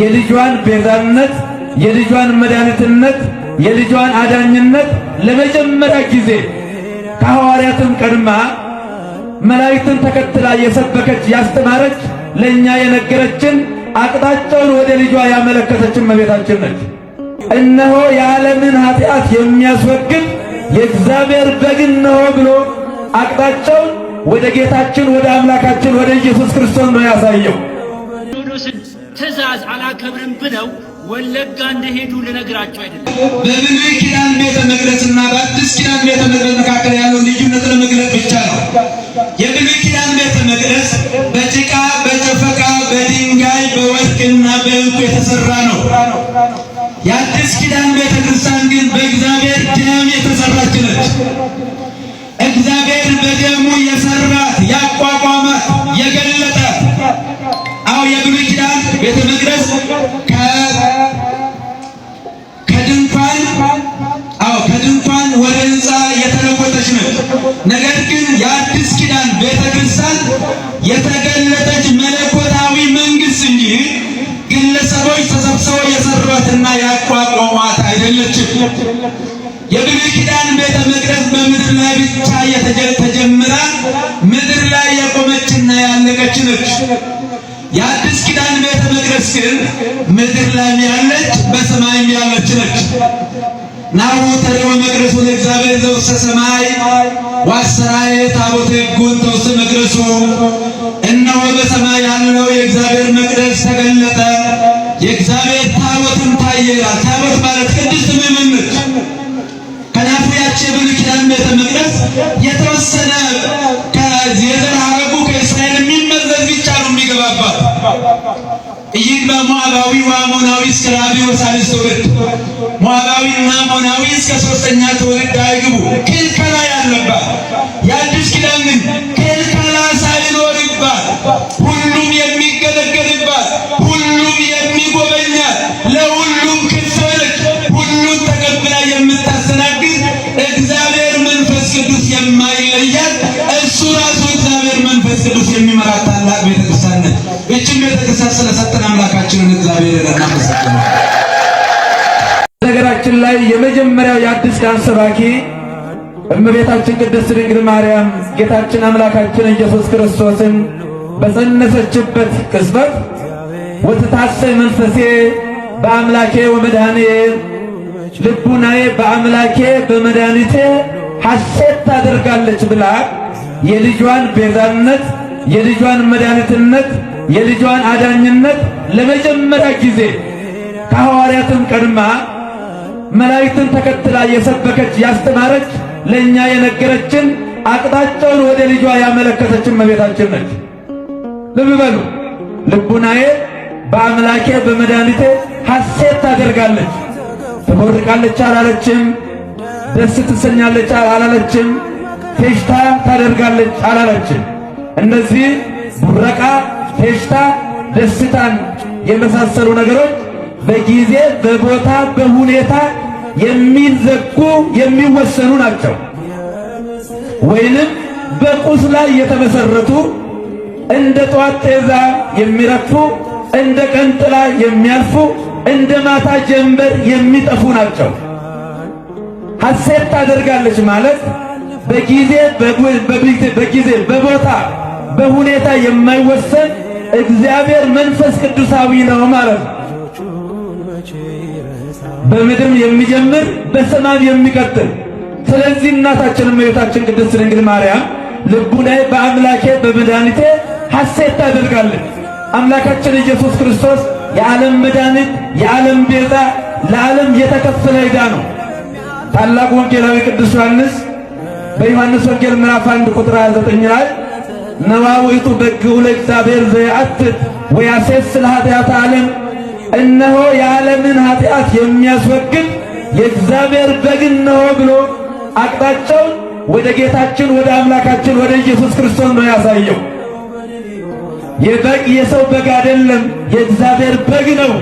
የልጇን ቤዛነት፣ የልጇን መድኃኒትነት፣ የልጇን አዳኝነት ለመጀመሪያ ጊዜ ከሐዋርያትም ቀድማ መላእክትን ተከትላ የሰበከች ያስተማረች፣ ለእኛ የነገረችን፣ አቅጣጫውን ወደ ልጇ ያመለከተችን መቤታችን ነች። እነሆ የዓለምን ኃጢአት የሚያስወግድ የእግዚአብሔር በግ እነሆ ብሎ አቅጣጫውን ወደ ጌታችን ወደ አምላካችን ወደ ኢየሱስ ክርስቶስ ነው ያሳየው። ትእዛዝ አላከብርም ብለው ወለጋ እንደሄዱ ልነግራቸው አይደለም። በብሉይ ኪዳን ቤተ መቅደስና በአዲስ ኪዳን ቤተ መቅደስ መካከል ያለው ልዩነት ለመግለጽ ብቻ ነው። የብሉይ ኪዳን ቤተ መቅደስ በጭቃ በጨፈቃ በድንጋይ በወርቅና በእንቁ የተሰራ ነው። የአዲስ ኪዳን ቤተ ክርስቲያን ግን በእግዚአብሔር ደም የተሰራች ነች። እግዚአብሔር በደሙ የሰራ ነገር ግን የአዲስ ኪዳን ቤተክርስቲያን የተገለጠች መለኮታዊ መንግስት እንጂ ግለሰቦች ተሰብስበው የሰሯትና ያቋቋሟት አይደለችም። የብሉይ ኪዳን ቤተ መቅደስ በምድር ላይ ብቻ ተጀምራ ምድር ላይ የቆመችና ያለቀች ነች። የአዲስ ኪዳን ቤተ መቅደስ ግን ምድር ላይ ያለች በሰማይም ያለች ነች ናሁ መቅደሱ ለእግዚአብሔር ዘውስተ ሰማይ ወአስተርአየ ታቦተ ይኩን ውስተ መቅደሱ። እነሆ በሰማይ ያለው የእግዚአብሔር መቅደስ ተገለጠ፣ የእግዚአብሔር ታቦትም ታየ ታቦት ማለት ቅድስት ምምምር ከናፉያቸው የብሉይ ኪዳን ቤተ መቅደስ የተወሰነ ኢይግባ ሞዓባዊ ወአሞናዊ እስከ ራብዕ ወሣልስ ትውልድ፣ ሞዓባዊና አሞናዊ እስከ ሦስተኛ ትውልድ አይግቡ። ክልከላ ያለባት የአዲስ ኪዳን ክልከላ ሳይኖርባት ሁሉም የሚገለገልባት፣ ሁሉም የሚጎበኛት፣ ለሁሉም ክፍልክ ሁሉም ተቀብላ የምታስተናግድ እግዚአብሔር መንፈስ ቅዱስ የማይለያት እሱ ራሱ እግዚአብሔር መንፈስ ቅዱስ የሚመራት ታላቅ ቤተክርስቲያን ነች። ለግሳት ስለሰጠን አምላካችንን እግዚአብሔር እናመሰግናለን። ነገራችን ላይ የመጀመሪያው የአዲስ ኪዳን ሰባኪ እመቤታችን ቅድስት ድንግል ማርያም ጌታችን አምላካችን ኢየሱስ ክርስቶስን በጸነሰችበት ቅጽበት ወትታሰይ መንፈሴ በአምላኬ ወመድኃኒዬ ልቡናዬ በአምላኬ በመድኃኒቴ ሐሴት ታደርጋለች ብላ የልጇን ቤዛነት የልጇን መድኃኒትነት የልጇን አዳኝነት ለመጀመሪያ ጊዜ ከሐዋርያትም ቀድማ መላእክትን ተከትላ የሰበከች ያስተማረች፣ ለእኛ የነገረችን፣ አቅጣጫውን ወደ ልጇ ያመለከተችን መቤታችን ነች። ልብ በሉ። ልቡናዬ በአምላኬ በመድኃኒቴ ሐሴት ታደርጋለች። ትቦርቃለች አላለችም። ደስ ትሰኛለች አላለችም። ፌሽታ ታደርጋለች አላለችም። እነዚህ ቡረቃ፣ ፌሽታ፣ ደስታን የመሳሰሉ ነገሮች በጊዜ በቦታ በሁኔታ የሚዘጉ የሚወሰኑ ናቸው። ወይንም በቁስ ላይ የተመሰረቱ እንደ ጠዋት ጤዛ የሚረግፉ እንደ ቀን ጥላ የሚያልፉ እንደ ማታ ጀንበር የሚጠፉ ናቸው። ሐሴት ታደርጋለች ማለት በጊዜ በጊዜ በቦታ በሁኔታ የማይወሰን እግዚአብሔር መንፈስ ቅዱሳዊ ነው ማለት ነው። በምድርም የሚጀምር በሰማም የሚቀጥል። ስለዚህ እናታችን እመቤታችን ቅድስት ድንግል ማርያም ልቡ ላይ በአምላኬ በመድኃኒቴ ሐሴት ታደርጋለች። አምላካችን ኢየሱስ ክርስቶስ የዓለም መድኃኒት፣ የዓለም ቤዛ፣ ለዓለም የተከፈለ ዕዳ ነው። ታላቅ ወንጌላዊ ቅዱስ ዮሐንስ በዮሐንስ ወንጌል ምዕራፍ 1 ቁጥር 29 ላይ ነዋዊቱ በግው ለእግዚአብሔር ዘያአትት ወያሴስል ኃጢአት ዓለም እነሆ የዓለምን ኃጢአት የሚያስወግድ የእግዚአብሔር በግ እነሆ ብሎ አቅጣጫውን ወደ ጌታችን ወደ አምላካችን ወደ ኢየሱስ ክርስቶስ ነው ያሳየው። የበግ የሰው በግ አይደለም፣ የእግዚአብሔር በግ ነው።